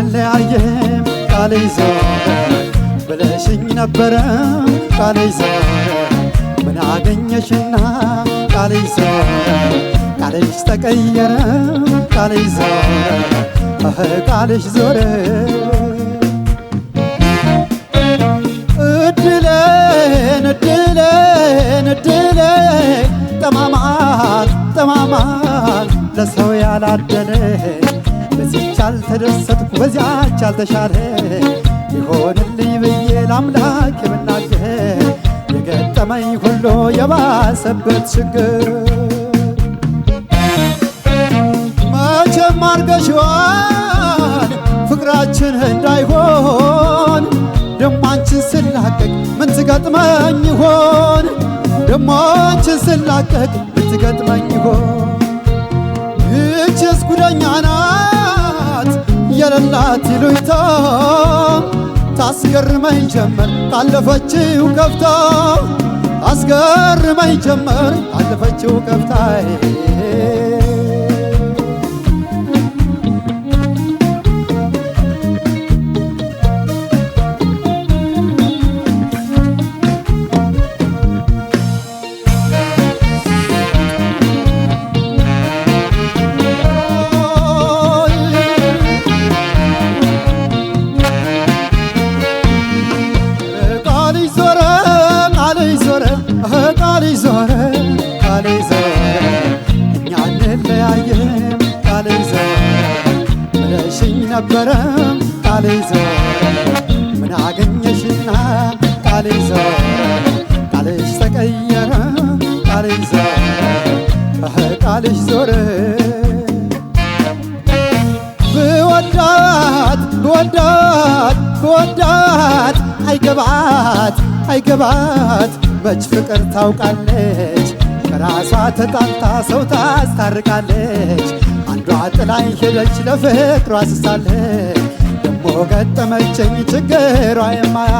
አንለያየም ቃል ይዛረ ብለሽኝ ነበረ ቃል ምን አገኘሽና ቃል ቃልሽ ተቀየረ ቃል አህ ቃልሽ ዞረ እድለን እድለን እድለን ለሰው ያላደለ ተደሰትኩ በዚያች አልተሻለ ይሆንልኝ ብዬ ለአምላክ ብናገር የገጠመኝ ሁሉ የባሰበት ችግር መቼም አርገሽዋል ፍቅራችን እንዳይሆን ደሟንችን ስላቀቅ ምን ትገጥመኝ ይሆን ደሟንችን ስላቀቅ ናት ይሉኝታ ታስገርመኝ ጀመር ታለፈችው ከፍታ ታስገርመኝ ጀመር ታለፈችው ከፍታ ነበረ ቃል ይዞ ምን አገኘሽና ቃል ይዞ ቃልሽ ተቀየረ ቃል ይዞ ቃልሽ ዞረ ብወዳት ብወዳት ብወዳት አይገባት አይገባት መች ፍቅር ታውቃለች ራሷ ተጣልታ ሰው ታስታርቃለች። አንዷ ጥላኝ ሄደች ለፍቅሯ ስሳለች። ደሞ ገጠመችኝ ችግሯ የማያ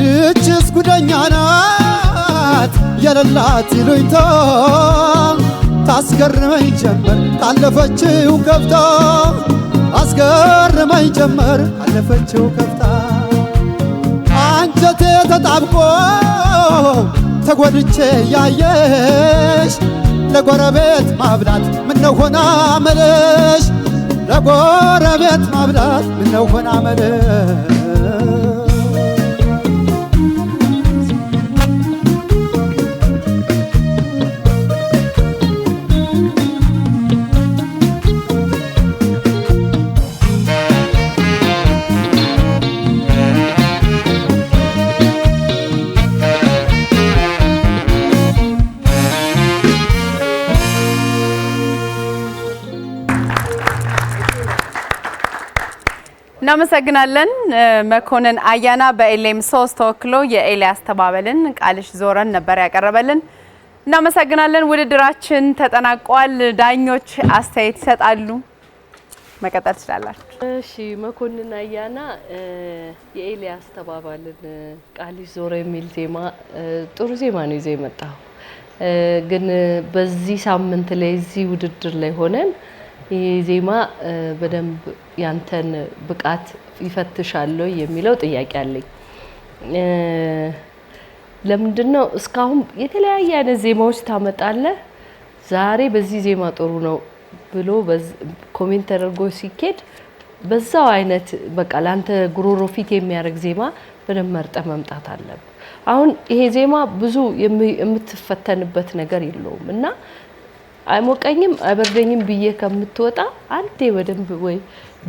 ይችስ ጉደኛ ናት የለላት ይሉኝቶ ታስገርመኝ ጀመር ካለፈችው ከፍታ አስገርመኝ ጀመር ካለፈችው ከፍታ ተጣብቆ ተጎድቼ ያየሽ ለጎረቤት ማብላት ምነሆና ሆና መለሽ ለጎረቤት ማብላት ምነው ሆና መለሽ እናመሰግናለን። መኮንን አያና በኤሌም ሶስት ተወክሎ የኤልያስ ተባበልን ቃልሽ ዞረን ነበር ያቀረበልን። እናመሰግናለን። ውድድራችን ተጠናቋል። ዳኞች አስተያየት ይሰጣሉ። መቀጠል ትችላላችሁ። እሺ መኮንን አያና የኤልያስ ተባባልን ቃልሽ ዞረ የሚል ዜማ ጥሩ ዜማ ነው ይዘ የመጣው ግን በዚህ ሳምንት ላይ እዚህ ውድድር ላይ ሆነን ይሄ ዜማ በደንብ ያንተን ብቃት ይፈትሻል የሚለው ጥያቄ አለኝ። ለምንድን ነው እስካሁን የተለያየ አይነት ዜማዎች ታመጣለህ፣ ዛሬ በዚህ ዜማ ጥሩ ነው ብሎ ኮሜንት ተደርጎ ሲኬድ በዛው አይነት በቃ ለአንተ ጉሮሮ ፊት የሚያደርግ ዜማ በደንብ መርጠ መምጣት አለብህ። አሁን ይሄ ዜማ ብዙ የምትፈተንበት ነገር የለውም እና አይሞቀኝም አይበርደኝም ብዬ ከምትወጣ አንዴ በደንብ ወይ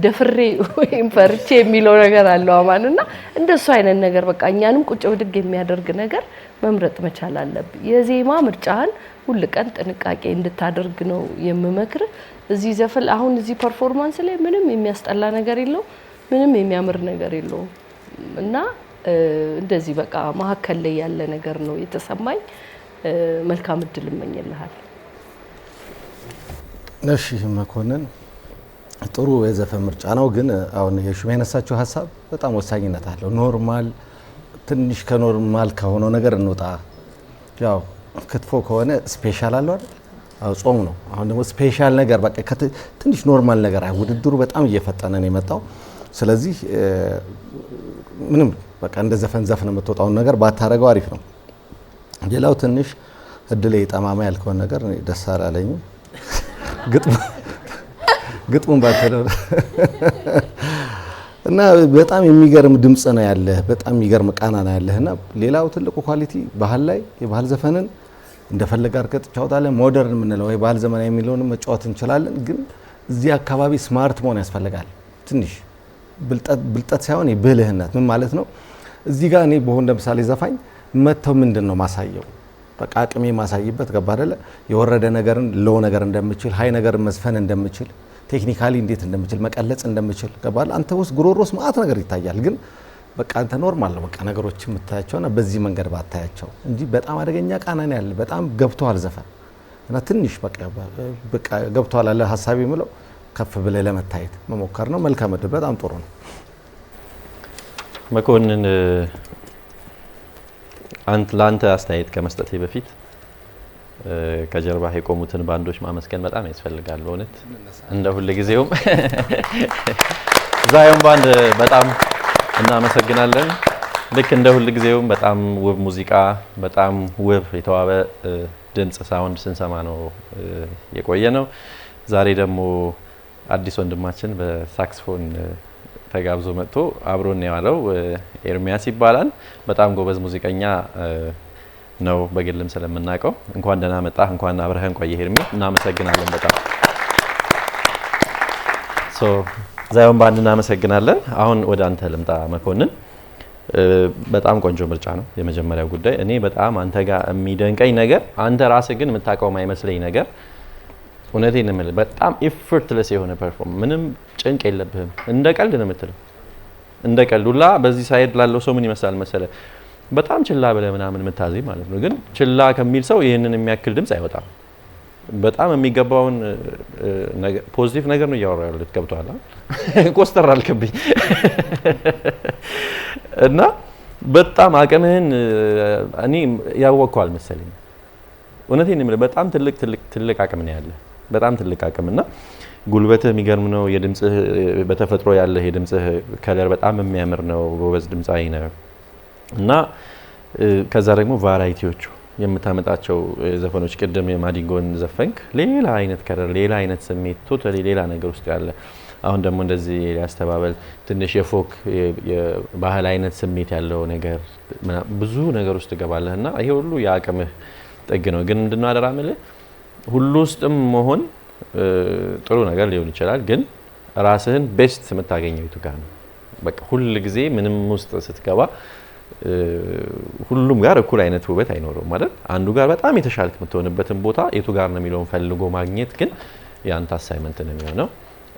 ደፍሬ ወይም ፈርቼ የሚለው ነገር አለው አማን እና እንደሱ አይነት ነገር በቃ እኛንም ቁጭ ብድግ የሚያደርግ ነገር መምረጥ መቻል አለብን። የዜማ ምርጫህን ሁል ቀን ጥንቃቄ እንድታደርግ ነው የምመክር። እዚህ ዘፈን አሁን እዚህ ፐርፎርማንስ ላይ ምንም የሚያስጠላ ነገር የለው፣ ምንም የሚያምር ነገር የለው እና እንደዚህ በቃ መሀከል ላይ ያለ ነገር ነው የተሰማኝ። መልካም እድል እመኝልሃል። እሺ መኮንን ጥሩ የዘፈን ምርጫ ነው። ግን አሁን የሹም ያነሳችው ሀሳብ በጣም ወሳኝነት አለው። ኖርማል ትንሽ ከኖርማል ከሆነው ነገር እንውጣ። ያው ክትፎ ከሆነ ስፔሻል አለው አይደል? አዎ ጾም ነው። አሁን ደግሞ ስፔሻል ነገር በቃ ትንሽ ኖርማል ነገር ውድድሩ በጣም እየፈጠነ ነው የመጣው። ስለዚህ ምንም በቃ እንደ ዘፈን ዘፍን የምትወጣውን ነገር ባታደረገው አሪፍ ነው። ሌላው ትንሽ እድሌ ጠማማ ያልከውን ነገር ደስ አላለኝም። ግጥሙን ባተለው እና በጣም የሚገርም ድምጽ ነው ያለህ፣ በጣም የሚገርም ቃና ነው ያለህ። እና ሌላው ትልቁ ኳሊቲ ባህል ላይ የባህል ዘፈንን እንደፈለገ አርገጥ ቻውታለን። ሞደርን የምንለው ወይ ባህል ዘመናዊ መጫወት እንችላለን። ግን እዚህ አካባቢ ስማርት መሆን ያስፈልጋል። ትንሽ ብልጠት ሳይሆን የብልህነት ምን ማለት ነው? እዚህ ጋር እኔ በሆን ለምሳሌ ዘፋኝ መጥተው ምንድን ነው ማሳየው በቃ አቅሜ ማሳይበት ገባ የወረደ ነገርን ሎ ነገር እንደምችል፣ ሀይ ነገርን መዝፈን እንደምችል፣ ቴክኒካሊ እንዴት እንደምችል፣ መቀለጽ እንደምችል ገባ አንተ ውስጥ ጉሮሮስ ማአት ነገር ይታያል ግን በቃ አንተ ኖርማል ነው። በቃ ነገሮች የምታያቸውና በዚህ መንገድ ባታያቸው እንጂ በጣም አደገኛ ቃናን ያለ በጣም ገብተዋል ዘፈን እና ትንሽ በቃ ገብተዋል አለ ሀሳቢ የምለው ከፍ ብለህ ለመታየት መሞከር ነው። መልካም በጣም ጥሩ ነው መኮንን ላንተ አስተያየት ከመስጠቴ በፊት ከጀርባ የቆሙትን ባንዶች ማመስገን በጣም ያስፈልጋል። እውነት እንደ ሁል ጊዜውም ዛዮን ባንድ በጣም እናመሰግናለን። ልክ እንደ ሁል ጊዜውም በጣም ውብ ሙዚቃ፣ በጣም ውብ የተዋበ ድምፅ ሳውንድ ስንሰማ ነው የቆየ ነው። ዛሬ ደግሞ አዲስ ወንድማችን በሳክስፎን ተጋብዞ መጥቶ አብሮን የዋለው ኤርሚያስ ይባላል። በጣም ጎበዝ ሙዚቀኛ ነው፣ በግልም ስለምናውቀው እንኳን ደህና መጣ፣ እንኳን አብረኸን ቆየ ኤርሚ። እናመሰግናለን በጣም ዛይሆን በአንድ እናመሰግናለን። አሁን ወደ አንተ ልምጣ መኮንን። በጣም ቆንጆ ምርጫ ነው። የመጀመሪያው ጉዳይ እኔ በጣም አንተ ጋር የሚደንቀኝ ነገር አንተ ራስህ ግን የምታውቀው ማይመስለኝ ነገር እውነቴ ነው የምልህ። በጣም ኢፈርትለስ የሆነ ፐርፎርም፣ ምንም ጭንቅ የለብህም። እንደ ቀልድ ነው የምትለው፣ እንደ ቀልድ ሁላ። በዚህ ሳይድ ላለው ሰው ምን ይመስላል መሰለ፣ በጣም ችላ ብለህ ምናምን የምታዘኝ ማለት ነው። ግን ችላ ከሚል ሰው ይህንን የሚያክል ድምፅ አይወጣም። በጣም የሚገባውን ፖዚቲቭ ነገር ነው እያወራ ያሉት። ገብቶሃል? ኮስተር አልክብኝ እና በጣም አቅምህን እኔ ያወቅኳል መሰለኝ። እውነቴን የምልህ በጣም ትልቅ ትልቅ ትልቅ አቅም ነው ያለህ በጣም ትልቅ አቅም እና ጉልበትህ የሚገርም ነው። የድምጽህ በተፈጥሮ ያለህ የድምጽህ ከለር በጣም የሚያምር ነው። ጎበዝ ድምፃዊ ነው እና ከዛ ደግሞ ቫራይቲዎቹ የምታመጣቸው ዘፈኖች ቅድም የማዲንጎን ዘፈንክ ሌላ አይነት ከለር፣ ሌላ አይነት ስሜት፣ ቶታሊ ሌላ ነገር ውስጥ ያለ አሁን ደግሞ እንደዚህ ሊያስተባበል ትንሽ የፎክ የባህል አይነት ስሜት ያለው ነገር ብዙ ነገር ውስጥ ትገባለህ እና ይሄ ሁሉ የአቅምህ ጥግ ነው። ግን ምንድነው አደራ ምልህ ሁሉ ውስጥም መሆን ጥሩ ነገር ሊሆን ይችላል፣ ግን ራስህን ቤስት የምታገኘው የቱ ጋር ነው? በቃ ሁል ጊዜ ምንም ውስጥ ስትገባ ሁሉም ጋር እኩል አይነት ውበት አይኖረውም ማለት አንዱ ጋር በጣም የተሻልክ የምትሆንበትን ቦታ የቱ ጋር ነው የሚለውን ፈልጎ ማግኘት ግን የአንተ አሳይመንት ነው የሚሆነው።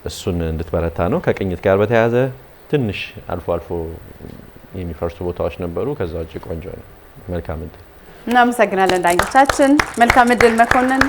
እሱን እንድትበረታ ነው። ከቅኝት ጋር በተያያዘ ትንሽ አልፎ አልፎ የሚፈርሱ ቦታዎች ነበሩ። ከዛ ውጭ ቆንጆ ነው። መልካም እድል። እናመሰግናለን ዳኞቻችን። መልካም እድል መኮንን